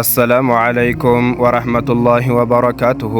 አሰላሙ ዓለይኩም ወረህመቱላሂ ወበረካቱሁ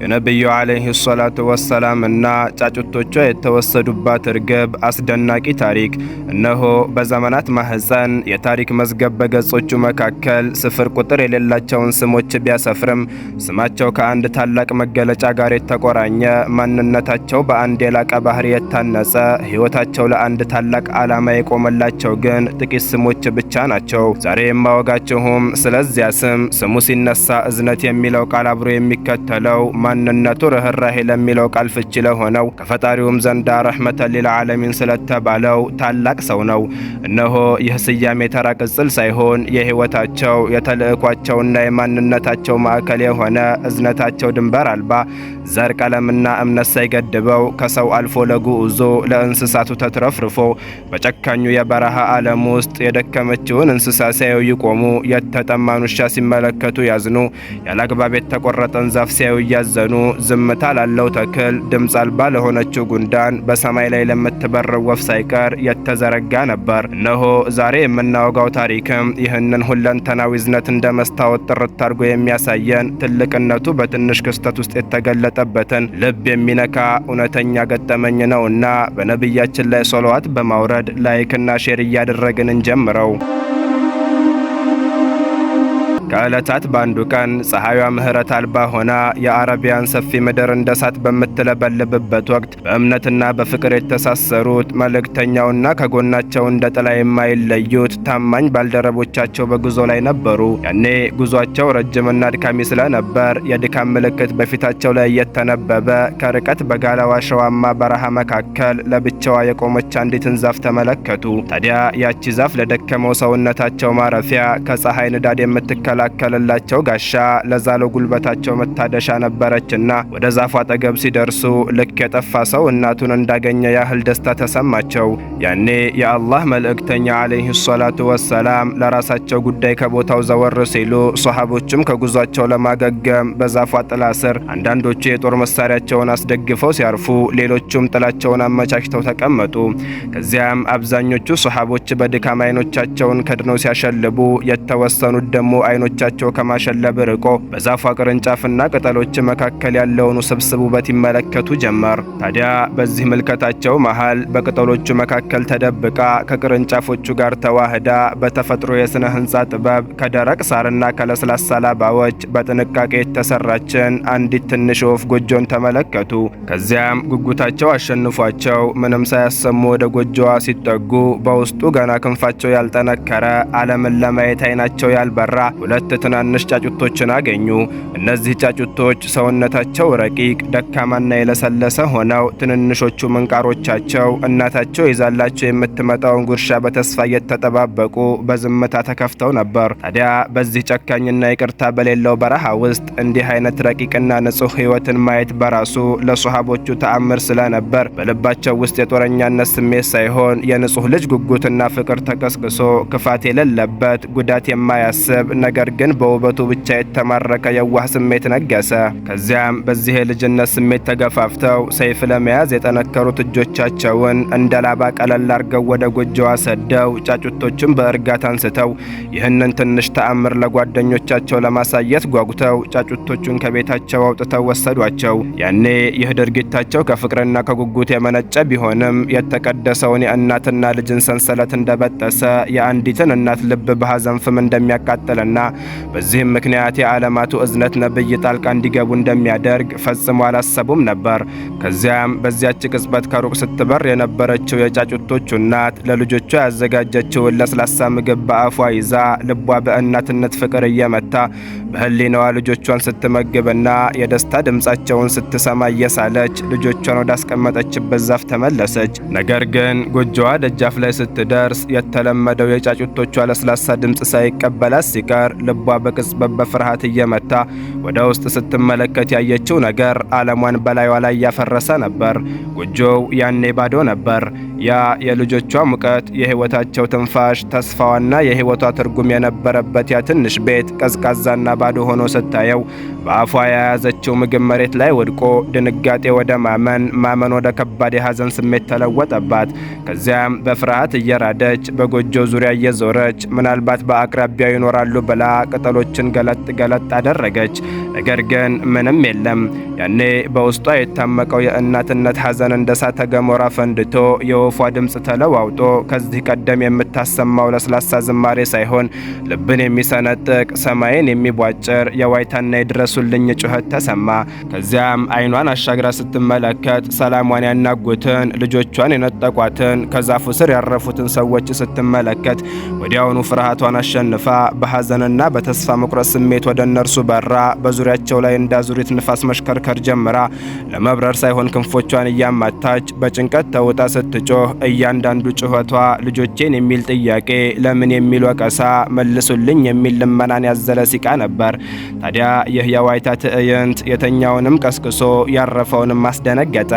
የነቢዩ ዓለይሂ ሰላቱ ወሰላም እና ጫጩቶቿ የተወሰዱባት እርግብ አስደናቂ ታሪክ እነሆ። በዘመናት ማህፀን የታሪክ መዝገብ በገጾቹ መካከል ስፍር ቁጥር የሌላቸውን ስሞች ቢያሰፍርም ስማቸው ከአንድ ታላቅ መገለጫ ጋር የተቆራኘ ማንነታቸው በአንድ የላቀ ባህር የታነጸ ህይወታቸው ለአንድ ታላቅ ዓላማ የቆመላቸው ግን ጥቂት ስሞች ብቻ ናቸው። ዛሬ የማወጋችሁም ስለዚያ ስም ስሙ ሲነሳ እዝነት የሚለው ቃል አብሮ የሚከተለው ማንነቱ ርህራሄ ለሚለው ቃል ፍቺ ለሆነው ከፈጣሪውም ዘንዳ ረሕመተን ሊልዓለሚን ስለተባለው ታላቅ ሰው ነው። እነሆ ይህ ስያሜ ተራ ቅጽል ሳይሆን የሕይወታቸው የተልእኳቸውና የማንነታቸው ማዕከል የሆነ እዝነታቸው ድንበር አልባ ዘር፣ ቀለምና እምነት ሳይገድበው ከሰው አልፎ ለጉዑዞ ለእንስሳቱ ተትረፍርፎ በጨካኙ የበረሃ ዓለም ውስጥ የደከመችውን እንስሳ ሲያዩ ይቆሙ የተጠማኑሻ ሲመለከቱ ያዝኑ፣ ያለአግባብ የተቆረጠን ዛፍ ሲያዩ እያዘኑ፣ ዝምታ ላለው ተክል፣ ድምፅ አልባ ለሆነችው ጉንዳን፣ በሰማይ ላይ ለምትበር ወፍ ሳይቀር የተዘረጋ ነበር። እነሆ ዛሬ የምናወጋው ታሪክም ይህንን ሁለንተናዊ ዝነት እንደ መስታወት ጥርት አድርጎ የሚያሳየን ትልቅነቱ በትንሽ ክስተት ውስጥ የተገለጠበትን ልብ የሚነካ እውነተኛ ገጠመኝ ነውና በነቢያችን ላይ ሶለዋት በማውረድ ላይክና ሼር እያደረግን እንጀምረው። ከዕለታት በአንዱ ቀን ፀሐይዋ ምሕረት አልባ ሆና የአረቢያን ሰፊ ምድር እንደ እሳት በምትለበልብበት ወቅት በእምነትና በፍቅር የተሳሰሩት መልእክተኛውና ከጎናቸው እንደ ጥላ የማይለዩት ታማኝ ባልደረቦቻቸው በጉዞ ላይ ነበሩ። ያኔ ጉዟቸው ረጅምና አድካሚ ስለነበር የድካም ምልክት በፊታቸው ላይ እየተነበበ ከርቀት በጋላዋ አሸዋማ በረሃ መካከል ለብቻዋ የቆመች አንዲትን ዛፍ ተመለከቱ። ታዲያ ያቺ ዛፍ ለደከመው ሰውነታቸው ማረፊያ ከፀሐይ ንዳድ የምትከላ የተከላከለላቸው ጋሻ ለዛለው ጉልበታቸው መታደሻ ነበረችና ወደ ዛፏ አጠገብ ሲደርሱ ልክ የጠፋ ሰው እናቱን እንዳገኘ ያህል ደስታ ተሰማቸው። ያኔ የአላህ መልእክተኛ አለይሂ ሰላቱ ወሰላም ለራሳቸው ጉዳይ ከቦታው ዘወር ሲሉ፣ ሶሃቦቹም ከጉዟቸው ለማገገም በዛፏ ጥላ ስር አንዳንዶቹ የጦር መሳሪያቸውን አስደግፈው ሲያርፉ፣ ሌሎቹም ጥላቸውን አመቻችተው ተቀመጡ። ከዚያም አብዛኞቹ ሶሃቦች በድካም አይኖቻቸውን ከድነው ሲያሸልቡ፣ የተወሰኑት ደግሞ አይኖ አይኖቻቸው ከማሸለብ ርቆ በዛፏ ቅርንጫፍና ቅጠሎች መካከል ያለውን ውስብስብ ውበት ይመለከቱ ጀመር። ታዲያ በዚህ ምልከታቸው መሃል በቅጠሎቹ መካከል ተደብቃ ከቅርንጫፎቹ ጋር ተዋህዳ በተፈጥሮ የሥነ ሕንፃ ጥበብ ከደረቅ ሳርና ከለስላሳ ላባዎች በጥንቃቄ የተሰራችን አንዲት ትንሽ ወፍ ጎጆን ተመለከቱ። ከዚያም ጉጉታቸው አሸንፏቸው ምንም ሳያሰሙ ወደ ጎጆዋ ሲጠጉ በውስጡ ገና ክንፋቸው ያልጠነከረ ዓለምን ለማየት አይናቸው ያልበራ ሁለት ትናንሽ ጫጩቶችን አገኙ። እነዚህ ጫጩቶች ሰውነታቸው ረቂቅ፣ ደካማና የለሰለሰ ሆነው ትንንሾቹ ምንቃሮቻቸው እናታቸው ይዛላቸው የምትመጣውን ጉርሻ በተስፋ እየተጠባበቁ በዝምታ ተከፍተው ነበር። ታዲያ በዚህ ጨካኝና ይቅርታ በሌለው በረሃ ውስጥ እንዲህ አይነት ረቂቅና ንጹሕ ሕይወትን ማየት በራሱ ለሶሃቦቹ ተአምር ስለነበር በልባቸው ውስጥ የጦረኛነት ስሜት ሳይሆን የንጹሕ ልጅ ጉጉትና ፍቅር ተቀስቅሶ ክፋት የሌለበት ጉዳት የማያስብ ነገር ነገር ግን በውበቱ ብቻ የተማረከ የዋህ ስሜት ነገሰ። ከዚያም በዚህ የልጅነት ስሜት ተገፋፍተው ሰይፍ ለመያዝ የጠነከሩት እጆቻቸውን እንደ ላባ ቀለል አርገው ወደ ጎጆዋ ሰደው ጫጩቶችን በእርጋታ አንስተው ይህንን ትንሽ ተአምር ለጓደኞቻቸው ለማሳየት ጓጉተው ጫጩቶቹን ከቤታቸው አውጥተው ወሰዷቸው። ያኔ ይህ ድርጊታቸው ከፍቅርና ከጉጉት የመነጨ ቢሆንም የተቀደሰውን የእናትና ልጅን ሰንሰለት እንደበጠሰ የአንዲትን እናት ልብ በሐዘን ፍም እንደሚያቃጥልና በዚህም ምክንያት የዓለማቱ እዝነት ነብይ ጣልቃ እንዲገቡ እንደሚያደርግ ፈጽሞ አላሰቡም ነበር። ከዚያም በዚያች ቅጽበት ከሩቅ ስትበር የነበረችው የጫጩቶቹ እናት ለልጆቿ ያዘጋጀችውን ለስላሳ ምግብ በአፏ ይዛ ልቧ በእናትነት ፍቅር እየመታ በህሊናዋ ልጆቿን ስትመግብና የደስታ ድምፃቸውን ስትሰማ እየሳለች ልጆቿን ወዳስቀመጠችበት ዛፍ ተመለሰች። ነገር ግን ጎጆዋ ደጃፍ ላይ ስትደርስ የተለመደው የጫጩቶቿ ለስላሳ ድምፅ ሳይቀበላት ሲቀር ልቧ በቅጽበት በፍርሃት እየመታ ወደ ውስጥ ስትመለከት ያየችው ነገር ዓለሟን በላዩዋ ላይ እያፈረሰ ነበር። ጎጆው ያኔ ባዶ ነበር። ያ የልጆቿ ሙቀት፣ የህይወታቸው ትንፋሽ፣ ተስፋዋና የህይወቷ ትርጉም የነበረበት ያ ትንሽ ቤት ቀዝቃዛና ባዶ ሆኖ ስታየው በአፏ የያዘችው ምግብ መሬት ላይ ወድቆ ድንጋጤ ወደ ማመን፣ ማመን ወደ ከባድ የሐዘን ስሜት ተለወጠባት። ከዚያም በፍርሃት እየራደች በጎጆ ዙሪያ እየዞረች ምናልባት በአቅራቢያው ይኖራሉ ብላ ቅጠሎችን ገለጥ ገለጥ አደረገች። ነገር ግን ምንም የለም። ያኔ በውስጧ የታመቀው የእናትነት ሐዘን እንደ እሳተ ገሞራ ፈንድቶ የወፏ ድምፅ ተለዋውጦ ከዚህ ቀደም የምታሰማው ለስላሳ ዝማሬ ሳይሆን ልብን የሚሰነጥቅ ሰማይን የሚቧጭር የዋይታና የድረሱልኝ ጩኸት ተሰማ። ከዚያም አይኗን አሻግራ ስትመለከት ሰላሟን ያናጉትን ልጆቿን የነጠቋትን ከዛፉ ስር ያረፉትን ሰዎች ስትመለከት ወዲያውኑ ፍርሃቷን አሸንፋ በሐዘንና በተስፋ መቁረጥ ስሜት ወደ እነርሱ በራ። በዙሪያቸው ላይ እንዳዙሪት ንፋስ መሽከርከር ጀምራ ለመብረር ሳይሆን ክንፎቿን እያማታች በጭንቀት ተውጣ ስትጮህ እያንዳንዱ ጩኸቷ ልጆቼን የሚል ጥያቄ፣ ለምን የሚል ወቀሳ፣ መልሱልኝ የሚል ልመናን ያዘለ ሲቃ ነበር። ታዲያ ይህ የዋይታ ትዕይንት የተኛውንም ቀስቅሶ ያረፈውንም አስደነገጠ!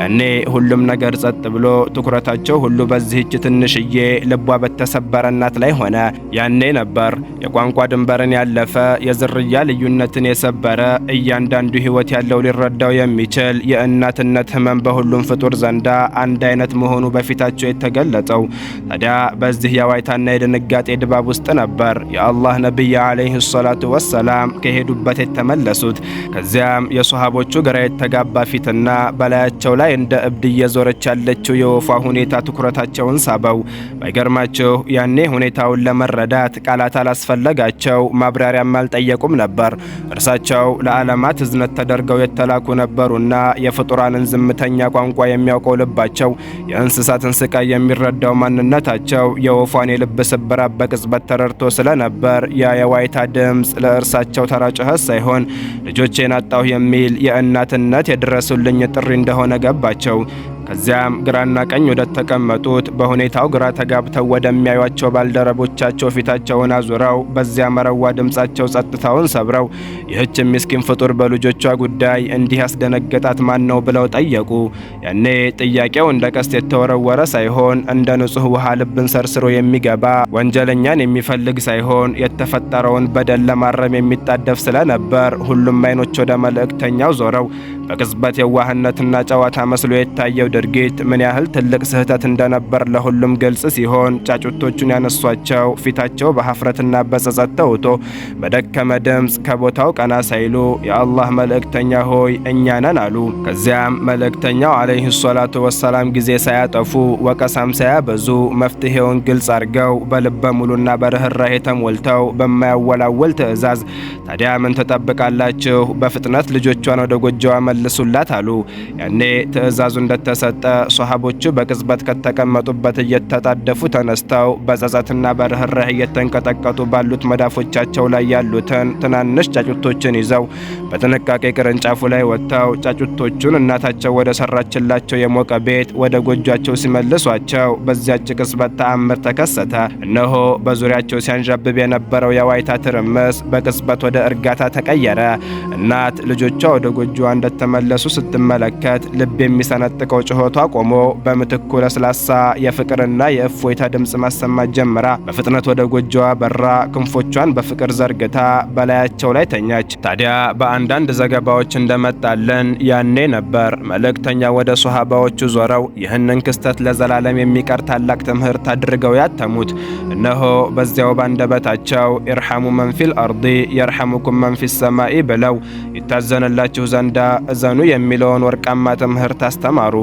ያኔ ሁሉም ነገር ጸጥ ብሎ ትኩረታቸው ሁሉ በዚህች ትንሽዬ ልቧ በተሰበረ እናት ላይ ሆነ። ያኔ ነበር የቋንቋ ድንበርን ያለፈ የዝርያ ልዩነትን የሰ የተሰበረ እያንዳንዱ ህይወት ያለው ሊረዳው የሚችል የእናትነት ህመም በሁሉም ፍጡር ዘንዳ አንድ አይነት መሆኑ በፊታቸው የተገለጠው ታዲያ በዚህ የዋይታና የድንጋጤ ድባብ ውስጥ ነበር የአላህ ነቢይ ዓለይሂ ሰላቱ ወሰላም ከሄዱበት የተመለሱት። ከዚያም የሶሃቦቹ ግራ የተጋባ ፊትና በላያቸው ላይ እንደ እብድ እየዞረች ያለችው የወፏ ሁኔታ ትኩረታቸውን ሳበው። ባይገርማችሁ ያኔ ሁኔታውን ለመረዳት ቃላት አላስፈለጋቸው፣ ማብራሪያም አልጠየቁም ነበር። በመሆናቸው ለዓለማት ህዝነት ተደርገው የተላኩ ነበሩና የፍጡራንን ዝምተኛ ቋንቋ የሚያውቀው ልባቸው፣ የእንስሳትን ስቃይ የሚረዳው ማንነታቸው፣ የወፏን የልብ ስብራት በቅጽበት ተረድቶ ስለነበር ያ ድምፅ ለእርሳቸው ተራ ጩኸት ሳይሆን ልጆቼን አጣሁ የሚል የእናትነት የድረሱልኝ ጥሪ እንደሆነ ገባቸው። ከዚያም ግራና ቀኝ ወደ ተቀመጡት በሁኔታው ግራ ተጋብተው ወደሚያዩቸው ባልደረቦቻቸው ፊታቸውን አዙረው በዚያ መረዋ ድምፃቸው ጸጥታውን ሰብረው ይህች ምስኪን ፍጡር በልጆቿ ጉዳይ እንዲህ ያስደነገጣት ማን ነው ብለው ጠየቁ። ያኔ ጥያቄው እንደ ቀስት የተወረወረ ሳይሆን እንደ ንጹሕ ውሃ ልብን ሰርስሮ የሚገባ ወንጀለኛን የሚፈልግ ሳይሆን የተፈጠረውን በደል ለማረም የሚጣደፍ ስለነበር ሁሉም አይኖች ወደ መልእክተኛው ዞረው በቅጽበት የዋህነትና ጨዋታ መስሎ የታየው ድርጊት ምን ያህል ትልቅ ስህተት እንደነበር ለሁሉም ግልጽ ሲሆን ጫጩቶቹን ያነሷቸው ፊታቸው በሐፍረትና በጸጸት ተውጦ በደከመ ድምፅ ከቦታው ቀና ሳይሉ የአላህ መልእክተኛ ሆይ እኛ ነን አሉ። ከዚያም መልእክተኛው አለይሂ ሰላቱ ወሰላም ጊዜ ሳያጠፉ ወቀሳም ሳያበዙ መፍትሄውን ግልጽ አድርገው በልበ ሙሉና በርኅራኄ ተሞልተው በማያወላውል ትዕዛዝ ታዲያ ምን ትጠብቃላችሁ? በፍጥነት ልጆቿን ወደ ጎጆዋ መልሱላት አሉ። ያኔ ትእዛዙ እንደተሰጠ ሶሃቦቹ በቅጽበት ከተቀመጡበት እየተጣደፉ ተነስተው በጸጸትና በርህራህ እየተንቀጠቀጡ ባሉት መዳፎቻቸው ላይ ያሉትን ትናንሽ ጫጩቶችን ይዘው በጥንቃቄ ቅርንጫፉ ላይ ወጥተው ጫጩቶቹን እናታቸው ወደ ሰራችላቸው የሞቀ ቤት ወደ ጎጇቸው ሲመልሷቸው በዚያች ቅጽበት ተአምር ተከሰተ። እነሆ በዙሪያቸው ሲያንዣብብ የነበረው የዋይታ ትርምስ በቅጽበት ወደ እርጋታ ተቀየረ። እናት ልጆቿ ወደ ጎጇ እንደተ እየተመለሱ ስትመለከት ልብ የሚሰነጥቀው ጩኸቷ ቆሞ በምትኩ ለስላሳ የፍቅርና የእፎይታ ድምፅ ማሰማት ጀምራ በፍጥነት ወደ ጎጆዋ በራ ክንፎቿን በፍቅር ዘርግታ በላያቸው ላይ ተኛች። ታዲያ በአንዳንድ ዘገባዎች እንደመጣለን ያኔ ነበር መልእክተኛ ወደ ሶሃባዎቹ ዞረው ይህንን ክስተት ለዘላለም የሚቀር ታላቅ ትምህርት አድርገው ያተሙት። እነሆ በዚያው ባንደበታቸው ኢርሐሙ መንፊል አርዲ የርሐሙኩም መንፊ ሰማኢ ብለው ይታዘንላችሁ ዘንዳ አዘኑ የሚለውን ወርቃማ ትምህርት አስተማሩ።